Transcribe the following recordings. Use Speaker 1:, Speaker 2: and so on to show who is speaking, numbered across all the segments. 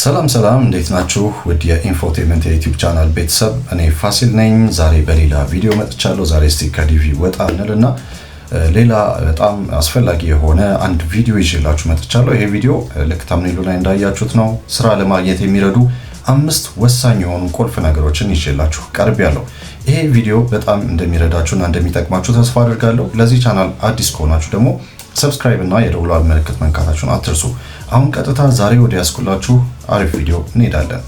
Speaker 1: ሰላም ሰላም፣ እንዴት ናችሁ? ውድ የኢንፎቴመንት የዩቲዩብ ቻናል ቤተሰብ እኔ ፋሲል ነኝ። ዛሬ በሌላ ቪዲዮ መጥቻለሁ። ዛሬ እስቲ ከዲቪ ወጣ እንልና ሌላ በጣም አስፈላጊ የሆነ አንድ ቪዲዮ ይዤላችሁ መጥቻለሁ። ይሄ ቪዲዮ ልክ ታምኔሉ ላይ እንዳያችሁት ነው። ስራ ለማግኘት የሚረዱ አምስት ወሳኝ የሆኑ ቁልፍ ነገሮችን ይዤላችሁ ቀርቤያለሁ። ይሄ ቪዲዮ በጣም እንደሚረዳችሁና እንደሚጠቅማችሁ ተስፋ አድርጋለሁ። ለዚህ ቻናል አዲስ ከሆናችሁ ደግሞ ሰብስክራይብ እና የደውሏል ምልክት መንካታችሁን አትርሱ። አሁን ቀጥታ ዛሬ ወደ ያስኩላችሁ አሪፍ ቪዲዮ እንሄዳለን።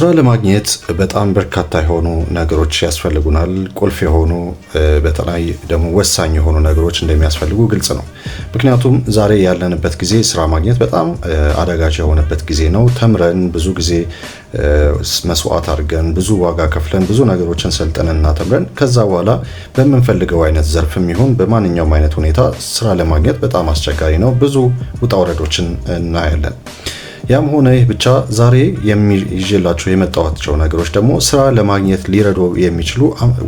Speaker 1: ስራ ለማግኘት በጣም በርካታ የሆኑ ነገሮች ያስፈልጉናል። ቁልፍ የሆኑ በተለይ ደግሞ ወሳኝ የሆኑ ነገሮች እንደሚያስፈልጉ ግልጽ ነው። ምክንያቱም ዛሬ ያለንበት ጊዜ ስራ ማግኘት በጣም አደጋች የሆነበት ጊዜ ነው። ተምረን ብዙ ጊዜ መስዋዕት አድርገን ብዙ ዋጋ ከፍለን ብዙ ነገሮችን ሰልጠንና ተምረን ከዛ በኋላ በምንፈልገው አይነት ዘርፍም ይሁን በማንኛውም አይነት ሁኔታ ስራ ለማግኘት በጣም አስቸጋሪ ነው። ብዙ ውጣ ውረዶችን እናያለን። ያም ሆነ ይህ ብቻ ዛሬ ይዤላችሁ የመጣኋቸው ነገሮች ደግሞ ስራ ለማግኘት ሊረዱ የሚችሉ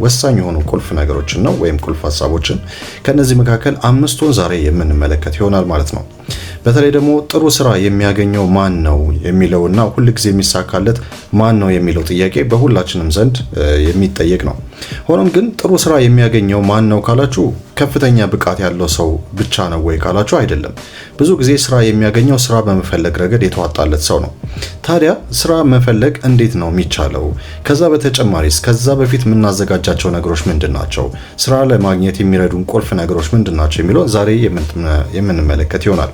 Speaker 1: ወሳኝ የሆኑ ቁልፍ ነገሮችን ነው ወይም ቁልፍ ሀሳቦችን። ከእነዚህ መካከል አምስቱን ዛሬ የምንመለከት ይሆናል ማለት ነው። በተለይ ደግሞ ጥሩ ስራ የሚያገኘው ማን ነው የሚለው እና ሁልጊዜ የሚሳካለት ማን ነው የሚለው ጥያቄ በሁላችንም ዘንድ የሚጠየቅ ነው። ሆኖም ግን ጥሩ ስራ የሚያገኘው ማን ነው ካላችሁ ከፍተኛ ብቃት ያለው ሰው ብቻ ነው ወይ ካላችሁ አይደለም። ብዙ ጊዜ ስራ የሚያገኘው ስራ በመፈለግ ረገድ የተዋጣለት ሰው ነው። ታዲያ ስራ መፈለግ እንዴት ነው የሚቻለው? ከዛ በተጨማሪስ ከዛ በፊት የምናዘጋጃቸው ነገሮች ምንድን ናቸው? ስራ ለማግኘት የሚረዱን ቁልፍ ነገሮች ምንድን ናቸው? የሚለውን ዛሬ የምንመለከት ይሆናል።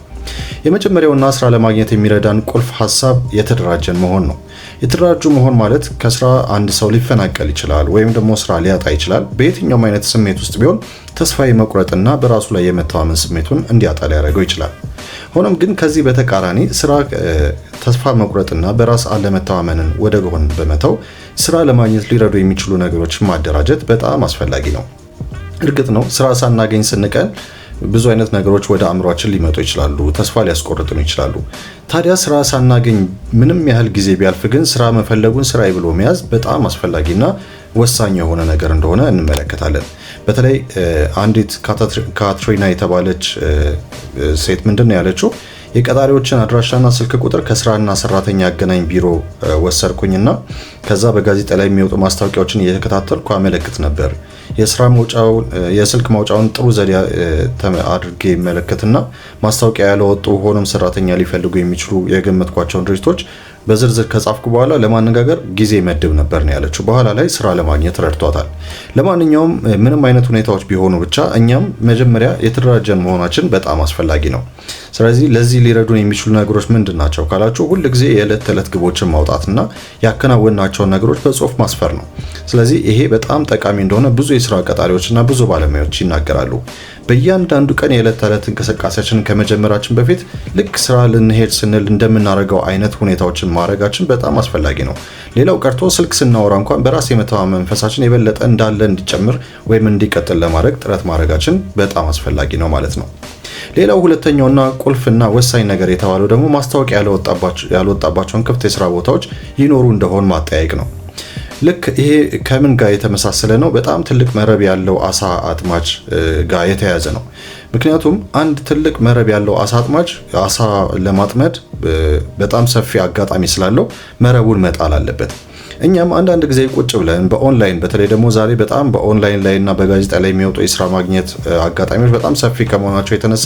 Speaker 1: የመጀመሪያውና ስራ ለማግኘት የሚረዳን ቁልፍ ሀሳብ የተደራጀን መሆን ነው። የተደራጁ መሆን ማለት ከስራ አንድ ሰው ሊፈናቀል ይችላል ወይም ደግሞ ስራ ሊያጣ ይችላል። በየትኛውም አይነት ስሜት ውስጥ ቢሆን ተስፋ መቁረጥና በራሱ ላይ የመተማመን ስሜቱን እንዲያጣ ሊያደርገው ይችላል። ሆኖም ግን ከዚህ በተቃራኒ ስራ ተስፋ መቁረጥና በራስ አለመተማመንን ወደ ጎን በመተው ስራ ለማግኘት ሊረዱ የሚችሉ ነገሮችን ማደራጀት በጣም አስፈላጊ ነው። እርግጥ ነው ስራ ሳናገኝ ስንቀን ብዙ አይነት ነገሮች ወደ አእምሯችን ሊመጡ ይችላሉ፣ ተስፋ ሊያስቆርጡን ይችላሉ። ታዲያ ስራ ሳናገኝ ምንም ያህል ጊዜ ቢያልፍ ግን ስራ መፈለጉን ስራ ብሎ መያዝ በጣም አስፈላጊና ወሳኝ የሆነ ነገር እንደሆነ እንመለከታለን። በተለይ አንዲት ካትሪና የተባለች ሴት ምንድን ነው ያለችው? የቀጣሪዎችን አድራሻና ስልክ ቁጥር ከስራና ሰራተኛ አገናኝ ቢሮ ወሰድኩኝና ከዛ በጋዜጣ ላይ የሚወጡ ማስታወቂያዎችን እየተከታተልኩ አመለክት ነበር። የስራ የስልክ ማውጫውን ጥሩ ዘዴ አድርጌ መለከትና ማስታወቂያ ያለወጡ ሆኖም ሰራተኛ ሊፈልጉ የሚችሉ የገመትኳቸውን ድርጅቶች በዝርዝር ከጻፍኩ በኋላ ለማነጋገር ጊዜ መድብ ነበር ነው ያለችው። በኋላ ላይ ስራ ለማግኘት ረድቷታል። ለማንኛውም ምንም አይነት ሁኔታዎች ቢሆኑ ብቻ እኛም መጀመሪያ የተደራጀን መሆናችን በጣም አስፈላጊ ነው። ስለዚህ ለዚህ ሊረዱን የሚችሉ ነገሮች ምንድን ናቸው ካላችሁ ጊዜ የዕለት ተዕለት ግቦችን ማውጣትና ያከናወናቸውን ነገሮች በጽሁፍ ማስፈር ነው። ስለዚህ ይሄ በጣም ጠቃሚ እንደሆነ ብዙ የስራ ቀጣሪዎችና ብዙ ባለሙያዎች ይናገራሉ። በእያንዳንዱ ቀን የዕለት ተዕለት እንቅስቃሴያችንን ከመጀመራችን በፊት ልክ ስራ ልንሄድ ስንል እንደምናደርገው አይነት ሁኔታዎችን ማድረጋችን በጣም አስፈላጊ ነው። ሌላው ቀርቶ ስልክ ስናወራ እንኳን በራስ የመተማመን መንፈሳችን የበለጠ እንዳለ እንዲጨምር ወይም እንዲቀጥል ለማድረግ ጥረት ማድረጋችን በጣም አስፈላጊ ነው ማለት ነው። ሌላው ሁለተኛውና ቁልፍና ወሳኝ ነገር የተባለው ደግሞ ማስታወቂያ ያልወጣባቸውን ክፍት የስራ ቦታዎች ይኖሩ እንደሆን ማጠያየቅ ነው። ልክ ይሄ ከምን ጋር የተመሳሰለ ነው? በጣም ትልቅ መረብ ያለው አሳ አጥማጅ ጋር የተያያዘ ነው። ምክንያቱም አንድ ትልቅ መረብ ያለው አሳ አጥማጅ አሳ ለማጥመድ በጣም ሰፊ አጋጣሚ ስላለው መረቡን መጣል አለበት። እኛም አንዳንድ ጊዜ ቁጭ ብለን በኦንላይን በተለይ ደግሞ ዛሬ በጣም በኦንላይን ላይ እና በጋዜጣ ላይ የሚወጡ የስራ ማግኘት አጋጣሚዎች በጣም ሰፊ ከመሆናቸው የተነሳ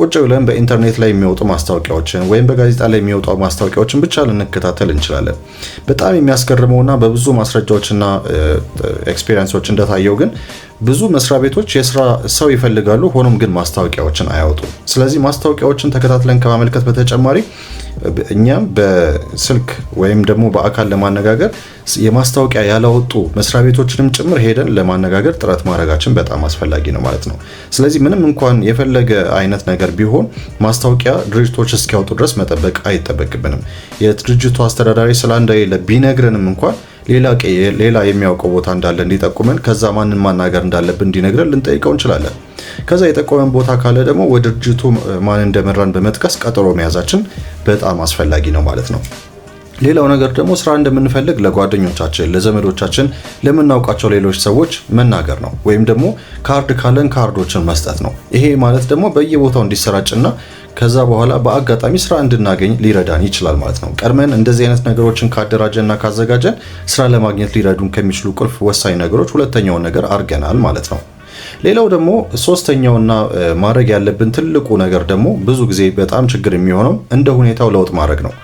Speaker 1: ቁጭ ብለን በኢንተርኔት ላይ የሚወጡ ማስታወቂያዎችን ወይም በጋዜጣ ላይ የሚወጡ ማስታወቂያዎችን ብቻ ልንከታተል እንችላለን። በጣም የሚያስገርመውና በብዙ ማስረጃዎችና ኤክስፔሪንሶች እንደታየው ግን ብዙ መስሪያ ቤቶች የስራ ሰው ይፈልጋሉ፣ ሆኖም ግን ማስታወቂያዎችን አያወጡም። ስለዚህ ማስታወቂያዎችን ተከታትለን ከማመልከት በተጨማሪ እኛም በስልክ ወይም ደግሞ በአካል ለማነጋገር የማስታወቂያ ያላወጡ መስሪያ ቤቶችንም ጭምር ሄደን ለማነጋገር ጥረት ማድረጋችን በጣም አስፈላጊ ነው ማለት ነው። ስለዚህ ምንም እንኳን የፈለገ አይነት ነገር ቢሆን ማስታወቂያ ድርጅቶች እስኪያወጡ ድረስ መጠበቅ አይጠበቅብንም። የድርጅቱ አስተዳዳሪ ስለ አንድ ቢነግረንም እንኳን ሌላ የሚያውቀው ቦታ እንዳለ እንዲጠቁመን ከዛ ማንን ማናገር እንዳለብን እንዲነግረን ልንጠይቀው እንችላለን። ከዛ የጠቆመን ቦታ ካለ ደግሞ ወደ ድርጅቱ ማን እንደመራን በመጥቀስ ቀጠሮ መያዛችን በጣም አስፈላጊ ነው ማለት ነው። ሌላው ነገር ደግሞ ስራ እንደምንፈልግ ለጓደኞቻችን፣ ለዘመዶቻችን፣ ለምናውቃቸው ሌሎች ሰዎች መናገር ነው። ወይም ደግሞ ካርድ ካለን ካርዶችን መስጠት ነው። ይሄ ማለት ደግሞ በየቦታው እንዲሰራጭና ከዛ በኋላ በአጋጣሚ ስራ እንድናገኝ ሊረዳን ይችላል ማለት ነው። ቀድመን እንደዚህ አይነት ነገሮችን ካደራጀንና ካዘጋጀን ስራ ለማግኘት ሊረዱን ከሚችሉ ቁልፍ ወሳኝ ነገሮች ሁለተኛውን ነገር አድርገናል ማለት ነው። ሌላው ደግሞ ሶስተኛውና ማድረግ ያለብን ትልቁ ነገር ደግሞ ብዙ ጊዜ በጣም ችግር የሚሆነው እንደ ሁኔታው ለውጥ ማድረግ ነው።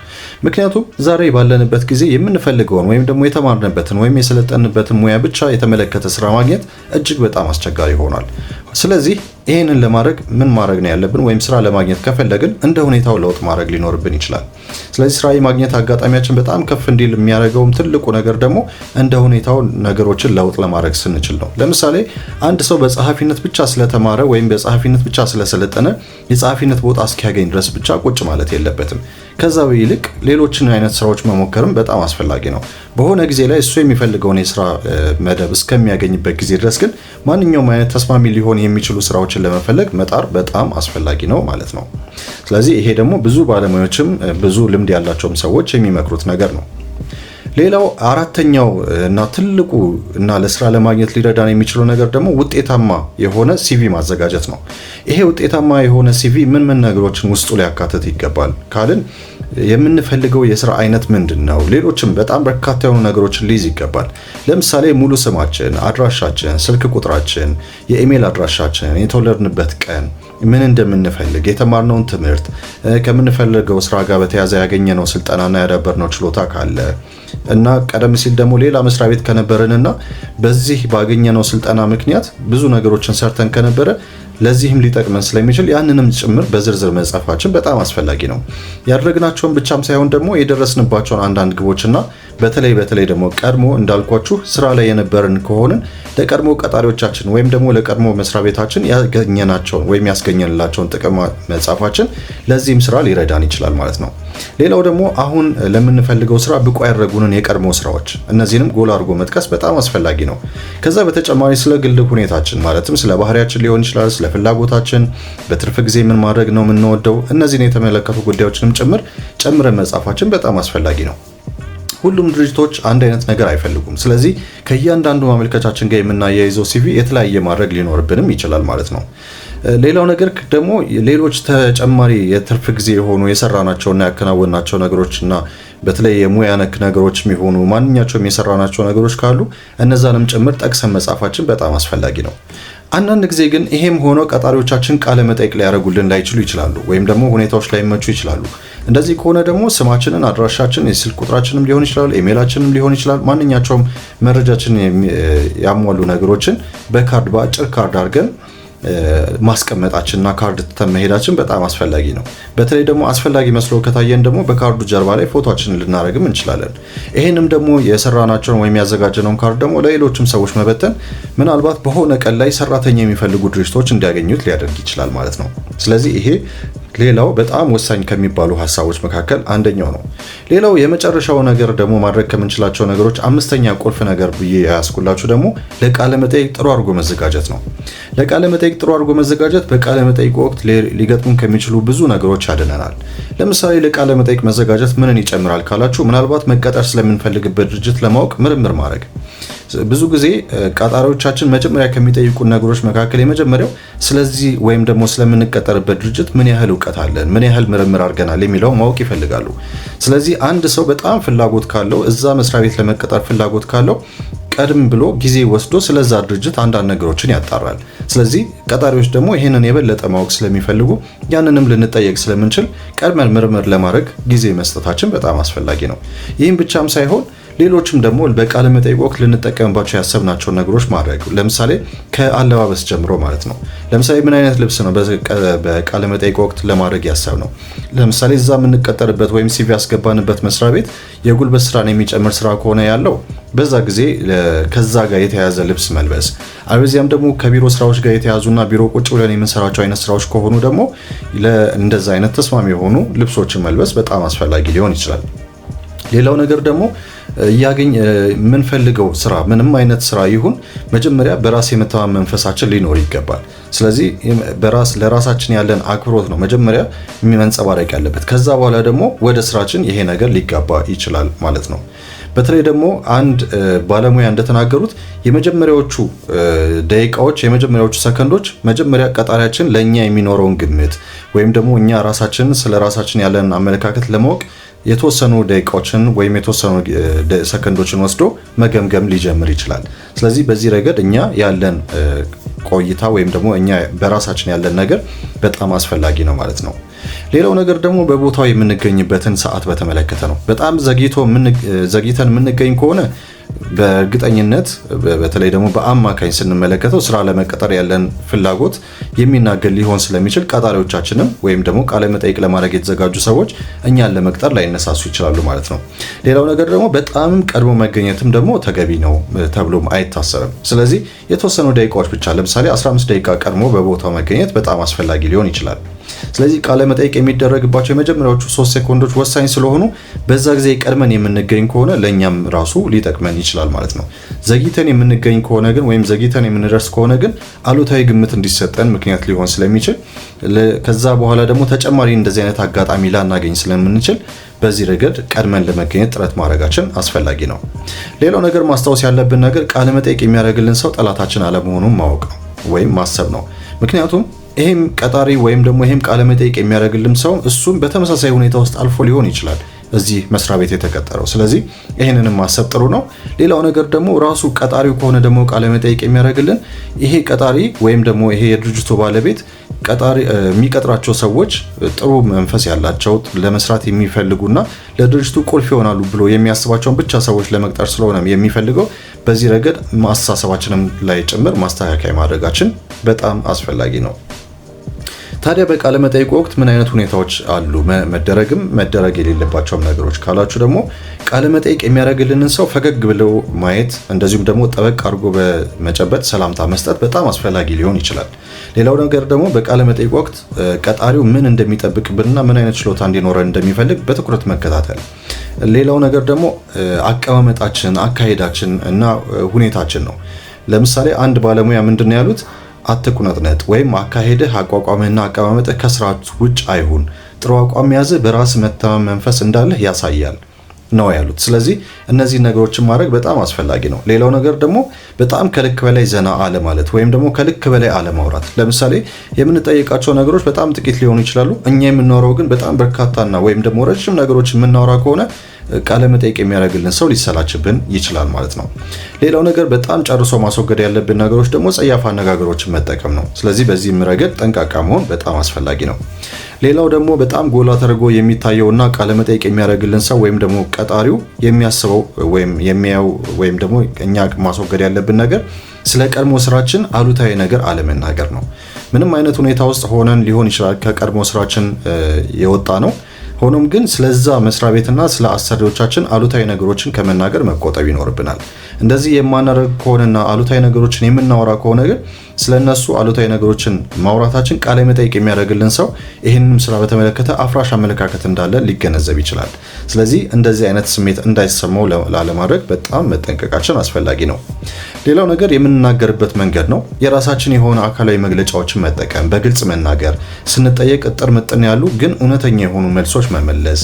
Speaker 1: ምክንያቱም ዛሬ ባለንበት ጊዜ የምንፈልገውን ወይም ደግሞ የተማርንበትን ወይም የሰለጠንበትን ሙያ ብቻ የተመለከተ ስራ ማግኘት እጅግ በጣም አስቸጋሪ ሆኗል። ስለዚህ ይህንን ለማድረግ ምን ማድረግ ነው ያለብን? ወይም ስራ ለማግኘት ከፈለግን እንደ ሁኔታው ለውጥ ማድረግ ሊኖርብን ይችላል። ስለዚህ ስራ የማግኘት አጋጣሚያችን በጣም ከፍ እንዲል የሚያደርገውም ትልቁ ነገር ደግሞ እንደ ሁኔታው ነገሮችን ለውጥ ለማድረግ ስንችል ነው። ለምሳሌ አንድ ሰው በጸሐፊነት ብቻ ስለተማረ ወይም በጸሐፊነት ብቻ ስለሰለጠነ የጸሐፊነት ቦታ እስኪያገኝ ድረስ ብቻ ቁጭ ማለት የለበትም። ከዛ ይልቅ ሌሎችን አይነት ስራዎች መሞከርም በጣም አስፈላጊ ነው። በሆነ ጊዜ ላይ እሱ የሚፈልገውን የስራ መደብ እስከሚያገኝበት ጊዜ ድረስ ግን ማንኛውም አይነት ተስማሚ ሊሆን የሚችሉ ስራዎችን ለመፈለግ መጣር በጣም አስፈላጊ ነው ማለት ነው። ስለዚህ ይሄ ደግሞ ብዙ ባለሙያዎችም ብዙ ልምድ ያላቸውም ሰዎች የሚመክሩት ነገር ነው። ሌላው አራተኛው እና ትልቁ እና ለስራ ለማግኘት ሊረዳን የሚችለው ነገር ደግሞ ውጤታማ የሆነ ሲቪ ማዘጋጀት ነው። ይሄ ውጤታማ የሆነ ሲቪ ምን ምን ነገሮችን ውስጡ ሊያካትት ይገባል ካልን የምንፈልገው የስራ አይነት ምንድን ነው? ሌሎችም በጣም በርካታ የሆኑ ነገሮችን ሊይዝ ይገባል። ለምሳሌ ሙሉ ስማችን፣ አድራሻችን፣ ስልክ ቁጥራችን፣ የኢሜል አድራሻችን፣ የተወለድንበት ቀን፣ ምን እንደምንፈልግ፣ የተማርነውን ትምህርት፣ ከምንፈልገው ስራ ጋር በተያያዘ ያገኘነው ስልጠናና ያዳበርነው ችሎታ ካለ እና ቀደም ሲል ደግሞ ሌላ መስሪያ ቤት ከነበረንና በዚህ ባገኘነው ስልጠና ምክንያት ብዙ ነገሮችን ሰርተን ከነበረ ለዚህም ሊጠቅመን ስለሚችል ያንንም ጭምር በዝርዝር መጻፋችን በጣም አስፈላጊ ነው። ያደረግናቸውን ብቻም ሳይሆን ደግሞ የደረስንባቸውን አንዳንድ ግቦችና በተለይ በተለይ ደግሞ ቀድሞ እንዳልኳችሁ ስራ ላይ የነበርን ከሆንን ለቀድሞ ቀጣሪዎቻችን ወይም ደግሞ ለቀድሞ መስሪያ ቤታችን ያገኘናቸውን ወይም ያስገኘንላቸውን ጥቅም መጻፋችን ለዚህም ስራ ሊረዳን ይችላል ማለት ነው። ሌላው ደግሞ አሁን ለምንፈልገው ስራ ብቁ ያደረጉንን የቀድሞ ስራዎች እነዚህንም ጎላ አድርጎ መጥቀስ በጣም አስፈላጊ ነው። ከዛ በተጨማሪ ስለ ግል ሁኔታችን ማለትም ስለ ባህሪያችን ሊሆን ይችላል፣ ስለ ፍላጎታችን፣ በትርፍ ጊዜ ምን ማድረግ ነው የምንወደው፣ እነዚህን የተመለከቱ ጉዳዮችንም ጭምር ጨምረን መጻፋችን በጣም አስፈላጊ ነው። ሁሉም ድርጅቶች አንድ አይነት ነገር አይፈልጉም። ስለዚህ ከእያንዳንዱ ማመልከቻችን ጋር የምናያይዘው ሲቪ የተለያየ ማድረግ ሊኖርብንም ይችላል ማለት ነው። ሌላው ነገር ደግሞ ሌሎች ተጨማሪ የትርፍ ጊዜ የሆኑ የሰራናቸውና ያከናወናቸው ነገሮች እና በተለይ የሙያ ነክ ነገሮች የሚሆኑ ማንኛቸውም የሰራናቸው ነገሮች ካሉ እነዛንም ጭምር ጠቅሰን መጻፋችን በጣም አስፈላጊ ነው። አንዳንድ ጊዜ ግን ይሄም ሆኖ ቀጣሪዎቻችን ቃለ መጠይቅ ሊያደርጉልን ላይችሉ ይችላሉ፣ ወይም ደግሞ ሁኔታዎች ላይመቹ ይችላሉ። እንደዚህ ከሆነ ደግሞ ስማችንን፣ አድራሻችንን፣ የስልክ ቁጥራችንም ሊሆን ይችላል፣ ኢሜይላችንም ሊሆን ይችላል። ማንኛቸውም መረጃችን ያሟሉ ነገሮችን በካርድ በአጭር ካርድ አድርገን ማስቀመጣችን እና ካርድ ትተን መሄዳችን በጣም አስፈላጊ ነው። በተለይ ደግሞ አስፈላጊ መስሎ ከታየን ደግሞ በካርዱ ጀርባ ላይ ፎቶችንን ልናደርግም እንችላለን። ይህንም ደግሞ የሰራናቸውን ወይም ያዘጋጀነውን ካርድ ደግሞ ለሌሎችም ሰዎች መበተን ምናልባት በሆነ ቀን ላይ ሰራተኛ የሚፈልጉ ድርጅቶች እንዲያገኙት ሊያደርግ ይችላል ማለት ነው። ስለዚህ ይሄ ሌላው በጣም ወሳኝ ከሚባሉ ሀሳቦች መካከል አንደኛው ነው። ሌላው የመጨረሻው ነገር ደግሞ ማድረግ ከምንችላቸው ነገሮች አምስተኛ ቁልፍ ነገር ብዬ ያስኩላችሁ ደግሞ ለቃለ መጠይቅ ጥሩ አድርጎ መዘጋጀት ነው። ለቃለ መጠይቅ ጥሩ አድርጎ መዘጋጀት በቃለ መጠይቅ ወቅት ሊገጥሙን ከሚችሉ ብዙ ነገሮች ያድነናል። ለምሳሌ ለቃለ መጠይቅ መዘጋጀት ምንን ይጨምራል ካላችሁ ምናልባት መቀጠር ስለምንፈልግበት ድርጅት ለማወቅ ምርምር ማድረግ ብዙ ጊዜ ቀጣሪዎቻችን መጀመሪያ ከሚጠይቁ ነገሮች መካከል የመጀመሪያው ስለዚህ ወይም ደግሞ ስለምንቀጠርበት ድርጅት ምን ያህል እውቀት አለን፣ ምን ያህል ምርምር አድርገናል የሚለው ማወቅ ይፈልጋሉ። ስለዚህ አንድ ሰው በጣም ፍላጎት ካለው እዛ መስሪያ ቤት ለመቀጠር ፍላጎት ካለው ቀድም ብሎ ጊዜ ወስዶ ስለዛ ድርጅት አንዳንድ ነገሮችን ያጣራል። ስለዚህ ቀጣሪዎች ደግሞ ይህንን የበለጠ ማወቅ ስለሚፈልጉ ያንንም ልንጠየቅ ስለምንችል ቀድመን ምርምር ለማድረግ ጊዜ መስጠታችን በጣም አስፈላጊ ነው። ይህም ብቻም ሳይሆን ሌሎችም ደግሞ በቃለ መጠይቅ ወቅት ልንጠቀምባቸው ያሰብናቸውን ነገሮች ማድረግ ለምሳሌ ከአለባበስ ጀምሮ ማለት ነው። ለምሳሌ ምን አይነት ልብስ ነው በቃለ መጠይቅ ወቅት ለማድረግ ያሰብ ነው። ለምሳሌ እዛ የምንቀጠርበት ወይም ሲቪ ያስገባንበት መስሪያ ቤት የጉልበት ስራን የሚጨምር ስራ ከሆነ ያለው በዛ ጊዜ ከዛ ጋር የተያያዘ ልብስ መልበስ፣ አለበዚያም ደግሞ ከቢሮ ስራዎች ጋር የተያዙና ቢሮ ቁጭ ብለን የምንሰራቸው አይነት ስራዎች ከሆኑ ደግሞ እንደዛ አይነት ተስማሚ የሆኑ ልብሶችን መልበስ በጣም አስፈላጊ ሊሆን ይችላል። ሌላው ነገር ደግሞ እያገኝ የምንፈልገው ስራ ምንም አይነት ስራ ይሁን መጀመሪያ በራስ የመተማመን መንፈሳችን ሊኖር ይገባል። ስለዚህ በራስ ለራሳችን ያለን አክብሮት ነው መጀመሪያ መንጸባረቅ ያለበት። ከዛ በኋላ ደግሞ ወደ ስራችን ይሄ ነገር ሊጋባ ይችላል ማለት ነው። በተለይ ደግሞ አንድ ባለሙያ እንደተናገሩት የመጀመሪያዎቹ ደቂቃዎች፣ የመጀመሪያዎቹ ሰከንዶች መጀመሪያ ቀጣሪያችን ለእኛ የሚኖረውን ግምት ወይም ደግሞ እኛ ራሳችንን ስለ ራሳችን ያለን አመለካከት ለማወቅ የተወሰኑ ደቂቃዎችን ወይም የተወሰኑ ሰከንዶችን ወስዶ መገምገም ሊጀምር ይችላል። ስለዚህ በዚህ ረገድ እኛ ያለን ቆይታ ወይም ደግሞ እኛ በራሳችን ያለን ነገር በጣም አስፈላጊ ነው ማለት ነው። ሌላው ነገር ደግሞ በቦታው የምንገኝበትን ሰዓት በተመለከተ ነው። በጣም ዘግይተን የምንገኝ ከሆነ በእርግጠኝነት በተለይ ደግሞ በአማካኝ ስንመለከተው ስራ ለመቀጠር ያለን ፍላጎት የሚናገር ሊሆን ስለሚችል ቀጣሪዎቻችንም ወይም ደግሞ ቃለ መጠይቅ ለማድረግ የተዘጋጁ ሰዎች እኛን ለመቅጠር ላይነሳሱ ይችላሉ ማለት ነው። ሌላው ነገር ደግሞ በጣም ቀድሞ መገኘትም ደግሞ ተገቢ ነው ተብሎም አይታሰብም። ስለዚህ የተወሰኑ ደቂቃዎች ብቻ ለምሳሌ 15 ደቂቃ ቀድሞ በቦታው መገኘት በጣም አስፈላጊ ሊሆን ይችላል። ስለዚህ ቃለ መጠይቅ የሚደረግባቸው የመጀመሪያዎቹ ሶስት ሴኮንዶች ወሳኝ ስለሆኑ በዛ ጊዜ ቀድመን የምንገኝ ከሆነ ለእኛም ራሱ ሊጠቅመን ይችላል ማለት ነው። ዘግይተን የምንገኝ ከሆነ ግን ወይም ዘግይተን የምንደርስ ከሆነ ግን አሉታዊ ግምት እንዲሰጠን ምክንያት ሊሆን ስለሚችል ከዛ በኋላ ደግሞ ተጨማሪ እንደዚህ አይነት አጋጣሚ ላናገኝ ስለምንችል በዚህ ረገድ ቀድመን ለመገኘት ጥረት ማድረጋችን አስፈላጊ ነው። ሌላው ነገር ማስታወስ ያለብን ነገር ቃለ መጠይቅ የሚያደርግልን ሰው ጠላታችን አለመሆኑን ማወቅ ወይም ማሰብ ነው። ምክንያቱም ይሄም ቀጣሪ ወይም ደግሞ ይሄም ቃለ መጠይቅ የሚያደርግልን ሰው እሱም በተመሳሳይ ሁኔታ ውስጥ አልፎ ሊሆን ይችላል እዚህ መስሪያ ቤት የተቀጠረው። ስለዚህ ይህንንም ማሰብ ጥሩ ነው። ሌላው ነገር ደግሞ ራሱ ቀጣሪው ከሆነ ደግሞ ቃለ መጠይቅ የሚያደርግልን ይሄ ቀጣሪ ወይም ደግሞ ይሄ የድርጅቱ ባለቤት ቀጣሪ የሚቀጥራቸው ሰዎች ጥሩ መንፈስ ያላቸው ለመስራት የሚፈልጉና ለድርጅቱ ቁልፍ ይሆናሉ ብሎ የሚያስባቸውን ብቻ ሰዎች ለመቅጠር ስለሆነ የሚፈልገው በዚህ ረገድ ማስተሳሰባችንም ላይ ጭምር ማስተካከያ ማድረጋችን በጣም አስፈላጊ ነው። ታዲያ በቃለ መጠይቅ ወቅት ምን አይነት ሁኔታዎች አሉ መደረግም መደረግ የሌለባቸውም ነገሮች ካላችሁ ደግሞ ቃለ መጠይቅ የሚያደርግልንን ሰው ፈገግ ብለው ማየት እንደዚሁም ደግሞ ጠበቅ አድርጎ በመጨበጥ ሰላምታ መስጠት በጣም አስፈላጊ ሊሆን ይችላል። ሌላው ነገር ደግሞ በቃለ መጠይቅ ወቅት ቀጣሪው ምን እንደሚጠብቅብንና ምን አይነት ችሎታ እንዲኖረን እንደሚፈልግ በትኩረት መከታተል። ሌላው ነገር ደግሞ አቀማመጣችን፣ አካሄዳችን እና ሁኔታችን ነው። ለምሳሌ አንድ ባለሙያ ምንድን ነው ያሉት አትቁነጥነጥ ወይም አካሄድህ፣ አቋቋምህና አቀማመጥህ ከስርዓት ውጭ አይሁን። ጥሩ አቋም የያዝህ በራስ መተማመን መንፈስ እንዳለህ ያሳያል ነው ያሉት። ስለዚህ እነዚህ ነገሮችን ማድረግ በጣም አስፈላጊ ነው። ሌላው ነገር ደግሞ በጣም ከልክ በላይ ዘና አለ ማለት ወይም ደግሞ ከልክ በላይ አለ ማውራት። ለምሳሌ የምንጠይቃቸው ነገሮች በጣም ጥቂት ሊሆኑ ይችላሉ። እኛ የምናወራው ግን በጣም በርካታና ወይም ደግሞ ረጅም ነገሮች የምናወራ ከሆነ ቃለ መጠይቅ የሚያደርግልን ሰው ሊሰላችብን ይችላል ማለት ነው። ሌላው ነገር በጣም ጨርሶ ማስወገድ ያለብን ነገሮች ደግሞ ጸያፍ አነጋገሮችን መጠቀም ነው። ስለዚህ በዚህም ረገድ ጠንቃቃ መሆን በጣም አስፈላጊ ነው። ሌላው ደግሞ በጣም ጎላ ተደርጎ የሚታየውና ቃለ መጠይቅ የሚያደርግልን ሰው ወይም ደግሞ ቀጣሪው የሚያስበው ወይም የሚያየው ወይም ደግሞ እኛ ማስወገድ ያለብን ነገር ስለ ቀድሞ ስራችን አሉታዊ ነገር አለመናገር ነው። ምንም አይነት ሁኔታ ውስጥ ሆነን ሊሆን ይችላል ከቀድሞ ስራችን የወጣ ነው ሆኖም ግን ስለዛ መስሪያ ቤትና ስለ አሰሪዎቻችን አሉታዊ ነገሮችን ከመናገር መቆጠብ ይኖርብናል። እንደዚህ የማናደርግ ከሆነና አሉታዊ ነገሮችን የምናወራ ከሆነ ግን ስለነሱ አሉታዊ ነገሮችን ማውራታችን ቃለ መጠይቅ የሚያደርግልን ሰው ይህንንም ስራ በተመለከተ አፍራሽ አመለካከት እንዳለ ሊገነዘብ ይችላል። ስለዚህ እንደዚህ አይነት ስሜት እንዳይሰማው ላለማድረግ በጣም መጠንቀቃችን አስፈላጊ ነው። ሌላው ነገር የምንናገርበት መንገድ ነው። የራሳችን የሆነ አካላዊ መግለጫዎችን መጠቀም፣ በግልጽ መናገር፣ ስንጠየቅ እጥር ምጥን ያሉ ግን እውነተኛ የሆኑ መልሶች መመለስ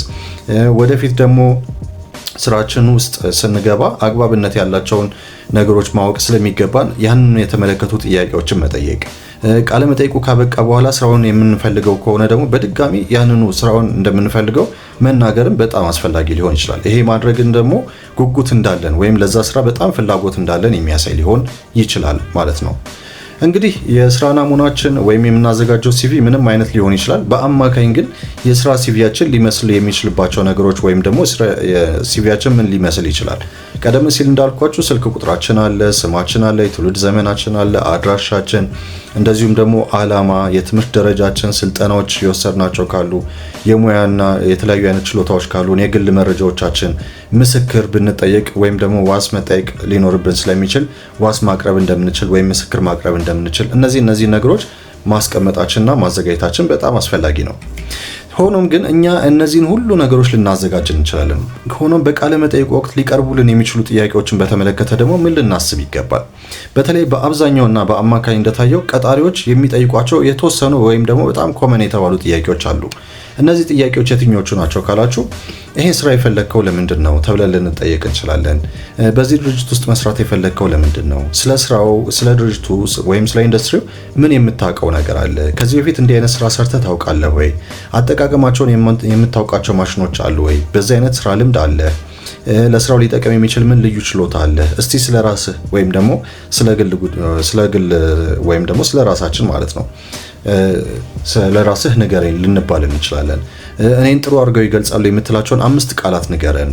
Speaker 1: ወደፊት ደግሞ ስራችን ውስጥ ስንገባ አግባብነት ያላቸውን ነገሮች ማወቅ ስለሚገባን ያንን የተመለከቱ ጥያቄዎችን መጠየቅ ቃለ መጠይቁ ካበቃ በኋላ ስራውን የምንፈልገው ከሆነ ደግሞ በድጋሚ ያንኑ ስራውን እንደምንፈልገው መናገርም በጣም አስፈላጊ ሊሆን ይችላል። ይሄ ማድረግን ደግሞ ጉጉት እንዳለን ወይም ለዛ ስራ በጣም ፍላጎት እንዳለን የሚያሳይ ሊሆን ይችላል ማለት ነው። እንግዲህ የስራ ናሙናችን ወይም የምናዘጋጀው ሲቪ ምንም አይነት ሊሆን ይችላል። በአማካኝ ግን የስራ ሲቪያችን ሊመስል የሚችልባቸው ነገሮች ወይም ደግሞ ሲቪያችን ምን ሊመስል ይችላል ቀደም ሲል እንዳልኳችሁ ስልክ ቁጥራችን አለ፣ ስማችን አለ፣ የትውልድ ዘመናችን አለ፣ አድራሻችን፣ እንደዚሁም ደግሞ አላማ፣ የትምህርት ደረጃችን፣ ስልጠናዎች የወሰድናቸው ካሉ፣ የሙያና የተለያዩ አይነት ችሎታዎች ካሉን፣ የግል መረጃዎቻችን፣ ምስክር ብንጠይቅ ወይም ደግሞ ዋስ መጠየቅ ሊኖርብን ስለሚችል ዋስ ማቅረብ እንደምንችል ወይም ምስክር ማቅረብ እንደምንችል እነዚህ እነዚህ ነገሮች ማስቀመጣችንና ማዘጋጀታችን በጣም አስፈላጊ ነው። ሆኖም ግን እኛ እነዚህን ሁሉ ነገሮች ልናዘጋጅ እንችላለን። ሆኖም በቃለ መጠይቅ ወቅት ሊቀርቡልን የሚችሉ ጥያቄዎችን በተመለከተ ደግሞ ምን ልናስብ ይገባል? በተለይ በአብዛኛውና በአማካኝ እንደታየው ቀጣሪዎች የሚጠይቋቸው የተወሰኑ ወይም ደግሞ በጣም ኮመን የተባሉ ጥያቄዎች አሉ። እነዚህ ጥያቄዎች የትኞቹ ናቸው ካላችሁ ይሄን ስራ የፈለግከው ለምንድን ነው ተብለን ልንጠየቅ እንችላለን። በዚህ ድርጅት ውስጥ መስራት የፈለግከው ለምንድን ነው? ስለ ስራው፣ ስለ ድርጅቱ ወይም ስለ ኢንዱስትሪው ምን የምታውቀው ነገር አለ? ከዚህ በፊት እንዲህ አይነት ስራ ሰርተህ ታውቃለህ ወይ? አጠቃቀማቸውን የምታውቃቸው ማሽኖች አሉ ወይ? በዚህ አይነት ስራ ልምድ አለ? ለስራው ሊጠቀም የሚችል ምን ልዩ ችሎታ አለ? እስቲ ስለ ራስህ ወይም ደግሞ ስለ ግል ወይም ደግሞ ስለ ራሳችን ማለት ነው ስለራስህ ንገረኝ ልንባል እንችላለን። እኔን ጥሩ አድርገው ይገልጻሉ የምትላቸውን አምስት ቃላት ንገረን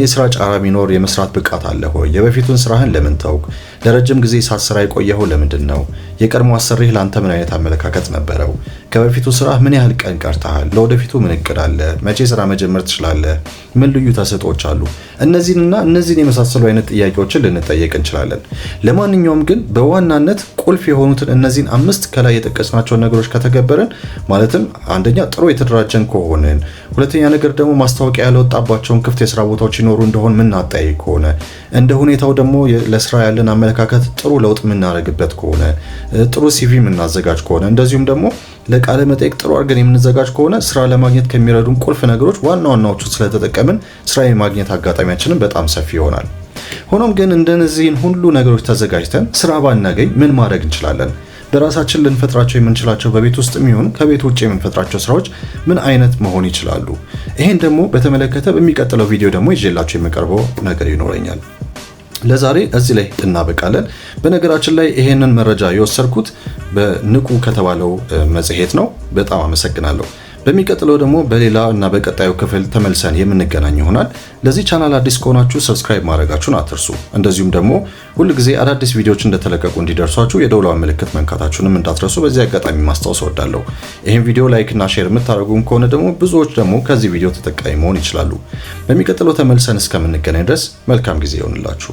Speaker 1: የስራ ጫና ቢኖር የመስራት ብቃት አለ ሆይ? የበፊቱን ስራህን ለምን ተውክ? ለረጅም ጊዜ ሳትሰራ የቆየኸው ለምንድን ነው? የቀድሞ አሰሪህ ለአንተ ምን አይነት አመለካከት ነበረው? ከበፊቱ ስራህ ምን ያህል ቀን ቀርተሃል? ለወደፊቱ ምን እቅድ አለ? መቼ ስራ መጀመር ትችላለህ? ምን ልዩ ተሰጦች አሉ? እነዚህንና እነዚህን የመሳሰሉ አይነት ጥያቄዎችን ልንጠየቅ እንችላለን። ለማንኛውም ግን በዋናነት ቁልፍ የሆኑትን እነዚህን አምስት ከላይ የጠቀስናቸውን ነገሮች ከተገበርን ማለትም አንደኛ ጥሩ የተደራጀን ከሆንን፣ ሁለተኛ ነገር ደግሞ ማስታወቂያ ያለወጣባቸውን ክፍት የስራ ቦታ ሁኔታዎች ይኖሩ እንደሆን ምናጣይ ከሆነ እንደ ሁኔታው ደግሞ ለስራ ያለን አመለካከት ጥሩ ለውጥ የምናደርግበት ከሆነ ጥሩ ሲቪ የምናዘጋጅ ከሆነ እንደዚሁም ደግሞ ለቃለ መጠየቅ ጥሩ አድርገን የምንዘጋጅ ከሆነ ስራ ለማግኘት ከሚረዱን ቁልፍ ነገሮች ዋና ዋናዎቹ ስለተጠቀምን ስራ የማግኘት አጋጣሚያችንን በጣም ሰፊ ይሆናል። ሆኖም ግን እንደነዚህን ሁሉ ነገሮች ተዘጋጅተን ስራ ባናገኝ ምን ማድረግ እንችላለን? ለራሳችን ልንፈጥራቸው የምንችላቸው በቤት ውስጥ የሚሆኑ ከቤት ውጭ የምንፈጥራቸው ስራዎች ምን አይነት መሆን ይችላሉ? ይሄን ደግሞ በተመለከተ በሚቀጥለው ቪዲዮ ደግሞ ይዤላቸው የምቀርበው ነገር ይኖረኛል። ለዛሬ እዚህ ላይ እናበቃለን። በነገራችን ላይ ይሄንን መረጃ የወሰድኩት በንቁ ከተባለው መጽሔት ነው። በጣም አመሰግናለሁ። በሚቀጥለው ደግሞ በሌላ እና በቀጣዩ ክፍል ተመልሰን የምንገናኝ ይሆናል። ለዚህ ቻናል አዲስ ከሆናችሁ ሰብስክራይብ ማድረጋችሁን አትርሱ። እንደዚሁም ደግሞ ሁል ጊዜ አዳዲስ ቪዲዮዎች እንደተለቀቁ እንዲደርሷችሁ የደውሏን ምልክት መንካታችሁንም እንዳትረሱ በዚህ አጋጣሚ ማስታወስ እወዳለሁ። ይህም ቪዲዮ ላይክ እና ሼር የምታደርጉም ከሆነ ደግሞ ብዙዎች ደግሞ ከዚህ ቪዲዮ ተጠቃሚ መሆን ይችላሉ። በሚቀጥለው ተመልሰን እስከምንገናኝ ድረስ መልካም ጊዜ ይሆንላችሁ።